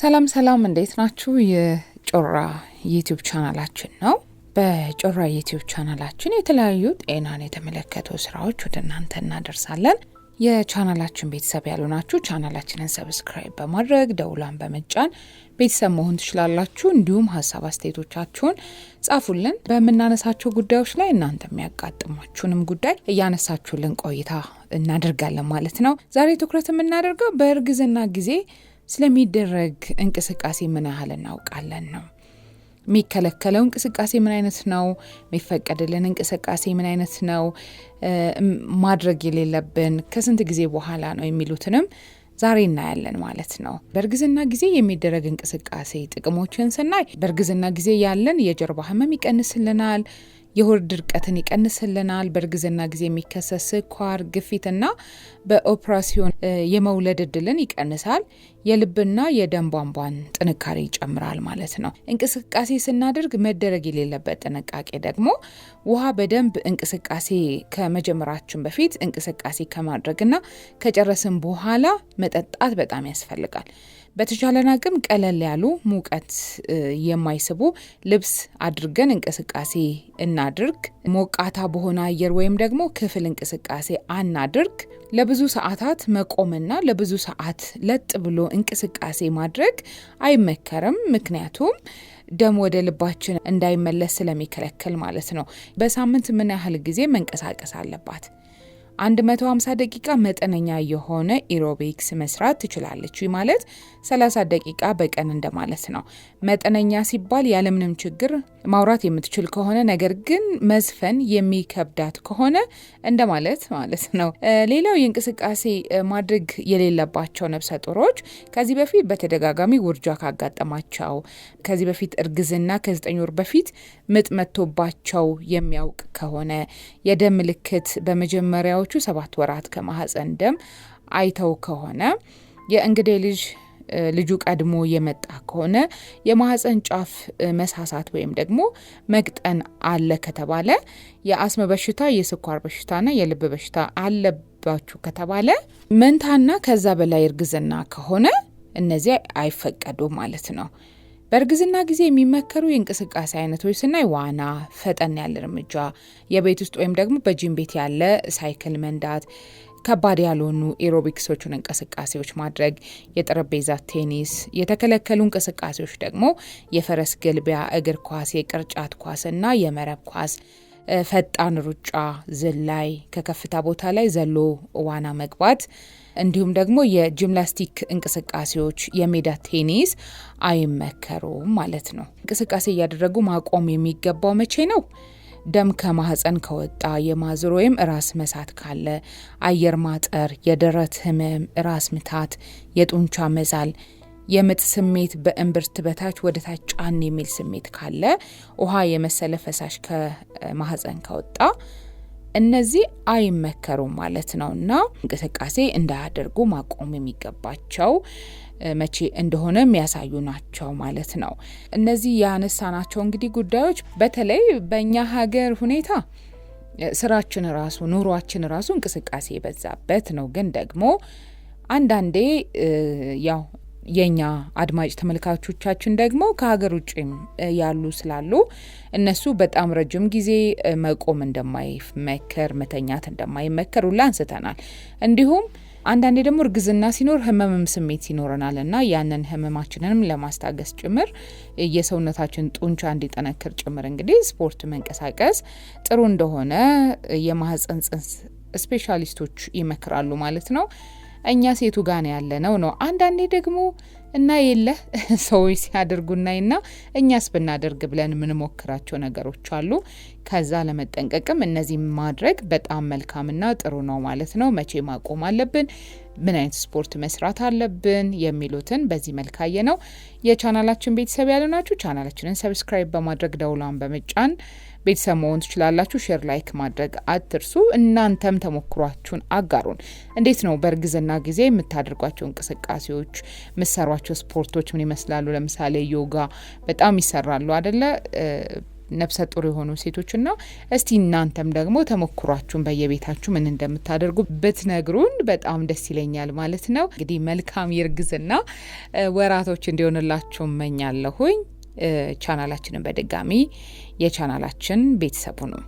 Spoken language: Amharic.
ሰላም ሰላም፣ እንዴት ናችሁ? የጮራ ዩቲዩብ ቻናላችን ነው። በጮራ ዩቲዩብ ቻናላችን የተለያዩ ጤናን የተመለከቱ ስራዎች ወደ እናንተ እናደርሳለን። የቻናላችን ቤተሰብ ያሉ ናችሁ ቻናላችንን ሰብስክራይብ በማድረግ ደውላን በመጫን ቤተሰብ መሆን ትችላላችሁ። እንዲሁም ሀሳብ አስተያየቶቻችሁን ጻፉልን። በምናነሳቸው ጉዳዮች ላይ እናንተ የሚያጋጥሟችሁንም ጉዳይ እያነሳችሁልን ቆይታ እናደርጋለን ማለት ነው። ዛሬ ትኩረት የምናደርገው በእርግዝና ጊዜ ስለሚደረግ እንቅስቃሴ ምን ያህል እናውቃለን ነው። የሚከለከለው እንቅስቃሴ ምን አይነት ነው? የሚፈቀድልን እንቅስቃሴ ምን አይነት ነው? ማድረግ የሌለብን ከስንት ጊዜ በኋላ ነው የሚሉትንም ዛሬ እናያለን ማለት ነው። በእርግዝና ጊዜ የሚደረግ እንቅስቃሴ ጥቅሞችን ስናይ በእርግዝና ጊዜ ያለን የጀርባ ህመም ይቀንስልናል። የሆድ ድርቀትን ይቀንስልናል። በእርግዝና ጊዜ የሚከሰት ስኳር፣ ግፊትና በኦፕራሲዮን የመውለድ እድልን ይቀንሳል። የልብና የደም ቧንቧን ጥንካሬ ይጨምራል ማለት ነው። እንቅስቃሴ ስናደርግ መደረግ የሌለበት ጥንቃቄ ደግሞ ውሃ በደንብ እንቅስቃሴ ከመጀመራችን በፊት እንቅስቃሴ ከማድረግና ከጨረስን በኋላ መጠጣት በጣም ያስፈልጋል። በተቻለን አቅም ቀለል ያሉ ሙቀት የማይስቡ ልብስ አድርገን እንቅስቃሴ እናድርግ። ሞቃታ በሆነ አየር ወይም ደግሞ ክፍል እንቅስቃሴ አናድርግ። ለብዙ ሰዓታት መቆምና ለብዙ ሰዓት ለጥ ብሎ እንቅስቃሴ ማድረግ አይመከርም። ምክንያቱም ደም ወደ ልባችን እንዳይመለስ ስለሚከለክል ማለት ነው። በሳምንት ምን ያህል ጊዜ መንቀሳቀስ አለባት? 150 ደቂቃ መጠነኛ የሆነ ኢሮቢክስ መስራት ትችላለች። ማለት 30 ደቂቃ በቀን እንደማለት ነው። መጠነኛ ሲባል ያለምንም ችግር ማውራት የምትችል ከሆነ ነገር ግን መዝፈን የሚከብዳት ከሆነ እንደማለት ማለት ነው። ሌላው የእንቅስቃሴ ማድረግ የሌለባቸው ነፍሰ ጡሮች ከዚህ በፊት በተደጋጋሚ ውርጃ ካጋጠማቸው፣ ከዚህ በፊት እርግዝና ከዘጠኝ ወር በፊት ምጥ መጥቶባቸው የሚያውቅ ከሆነ፣ የደም ምልክት በመጀመሪያዎቹ ሰባት ወራት ከማህፀን ደም አይተው ከሆነ የእንግዴ ልጅ ልጁ ቀድሞ የመጣ ከሆነ የማህፀን ጫፍ መሳሳት ወይም ደግሞ መግጠን አለ ከተባለ የአስም በሽታ፣ የስኳር በሽታና የልብ በሽታ አለባችሁ ከተባለ መንታና ከዛ በላይ እርግዝና ከሆነ እነዚህ አይፈቀዱ ማለት ነው። በእርግዝና ጊዜ የሚመከሩ የእንቅስቃሴ አይነቶች ስናይ ዋና፣ ፈጠን ያለ እርምጃ፣ የቤት ውስጥ ወይም ደግሞ በጂም ቤት ያለ ሳይክል መንዳት ከባድ ያልሆኑ ኤሮቢክሶቹን እንቅስቃሴዎች ማድረግ፣ የጠረጴዛ ቴኒስ። የተከለከሉ እንቅስቃሴዎች ደግሞ የፈረስ ግልቢያ፣ እግር ኳስ፣ የቅርጫት ኳስ እና የመረብ ኳስ ፈጣን ሩጫ፣ ዝላይ፣ ከከፍታ ቦታ ላይ ዘሎ ዋና መግባት እንዲሁም ደግሞ የጂምናስቲክ እንቅስቃሴዎች፣ የሜዳ ቴኒስ አይመከሩም ማለት ነው። እንቅስቃሴ እያደረጉ ማቆም የሚገባው መቼ ነው? ደም ከማህፀን ከወጣ የማዞር ወይም ራስ መሳት ካለ፣ አየር ማጠር፣ የደረት ህመም፣ ራስ ምታት፣ የጡንቻ መዛል፣ የምጥ ስሜት በእምብርት በታች ወደ ጫን የሚል ስሜት ካለ፣ ውሃ የመሰለ ፈሳሽ ከማህፀን ከወጣ እነዚህ አይመከሩም ማለት ነው እና እንቅስቃሴ እንዳያደርጉ ማቆም የሚገባቸው መቼ እንደሆነ የሚያሳዩ ናቸው ማለት ነው። እነዚህ ናቸው እንግዲህ ጉዳዮች በተለይ በእኛ ሀገር ሁኔታ ስራችን ራሱ ኑሯችን ራሱ እንቅስቃሴ የበዛበት ነው። ግን ደግሞ አንዳንዴ ያው የኛ አድማጭ ተመልካቾቻችን ደግሞ ከሀገር ውጭም ያሉ ስላሉ እነሱ በጣም ረጅም ጊዜ መቆም እንደማይመከር፣ መተኛት እንደማይመከር ሁላ አንስተናል እንዲሁም አንዳንዴ ደግሞ እርግዝና ሲኖር ህመምም ስሜት ይኖረናል እና ያንን ህመማችንንም ለማስታገስ ጭምር የሰውነታችን ጡንቻ እንዲጠነክር ጭምር እንግዲህ ስፖርት መንቀሳቀስ ጥሩ እንደሆነ የማህፀን ጽንስ ስፔሻሊስቶች ይመክራሉ ማለት ነው። እኛ ሴቱ ያለ ነው ነው። አንዳንዴ ደግሞ እና የለህ ሰዎች ሲያደርጉናይና እኛስ ብናደርግ ብለን የምንሞክራቸው ነገሮች አሉ። ከዛ ለመጠንቀቅም እነዚህ ማድረግ በጣም መልካምና ጥሩ ነው ማለት ነው። መቼ ማቆም አለብን፣ ምን አይነት ስፖርት መስራት አለብን የሚሉትን በዚህ መልካየ ነው። የቻናላችን ቤተሰብ ያለናችሁ ቻናላችንን ሰብስክራይብ በማድረግ ደውሏን በመጫን ቤተሰብ መሆን ትችላላችሁ። ሼር ላይክ ማድረግ አትርሱ። እናንተም ተሞክሯችሁን አጋሩን። እንዴት ነው በእርግዝና ጊዜ የምታደርጓቸው እንቅስቃሴዎች፣ የምሰሯቸው ስፖርቶች ምን ይመስላሉ? ለምሳሌ ዮጋ በጣም ይሰራሉ አደለ? ነፍሰ ጡር የሆኑ ሴቶችና እስቲ እናንተም ደግሞ ተሞክሯችሁን በየቤታችሁ ምን እንደምታደርጉ ብትነግሩን በጣም ደስ ይለኛል ማለት ነው። እንግዲህ መልካም የእርግዝና ወራቶች እንዲሆንላችሁ እመኛለሁኝ። ቻናላችንን በድጋሚ የቻናላችን ቤተሰብ ነው።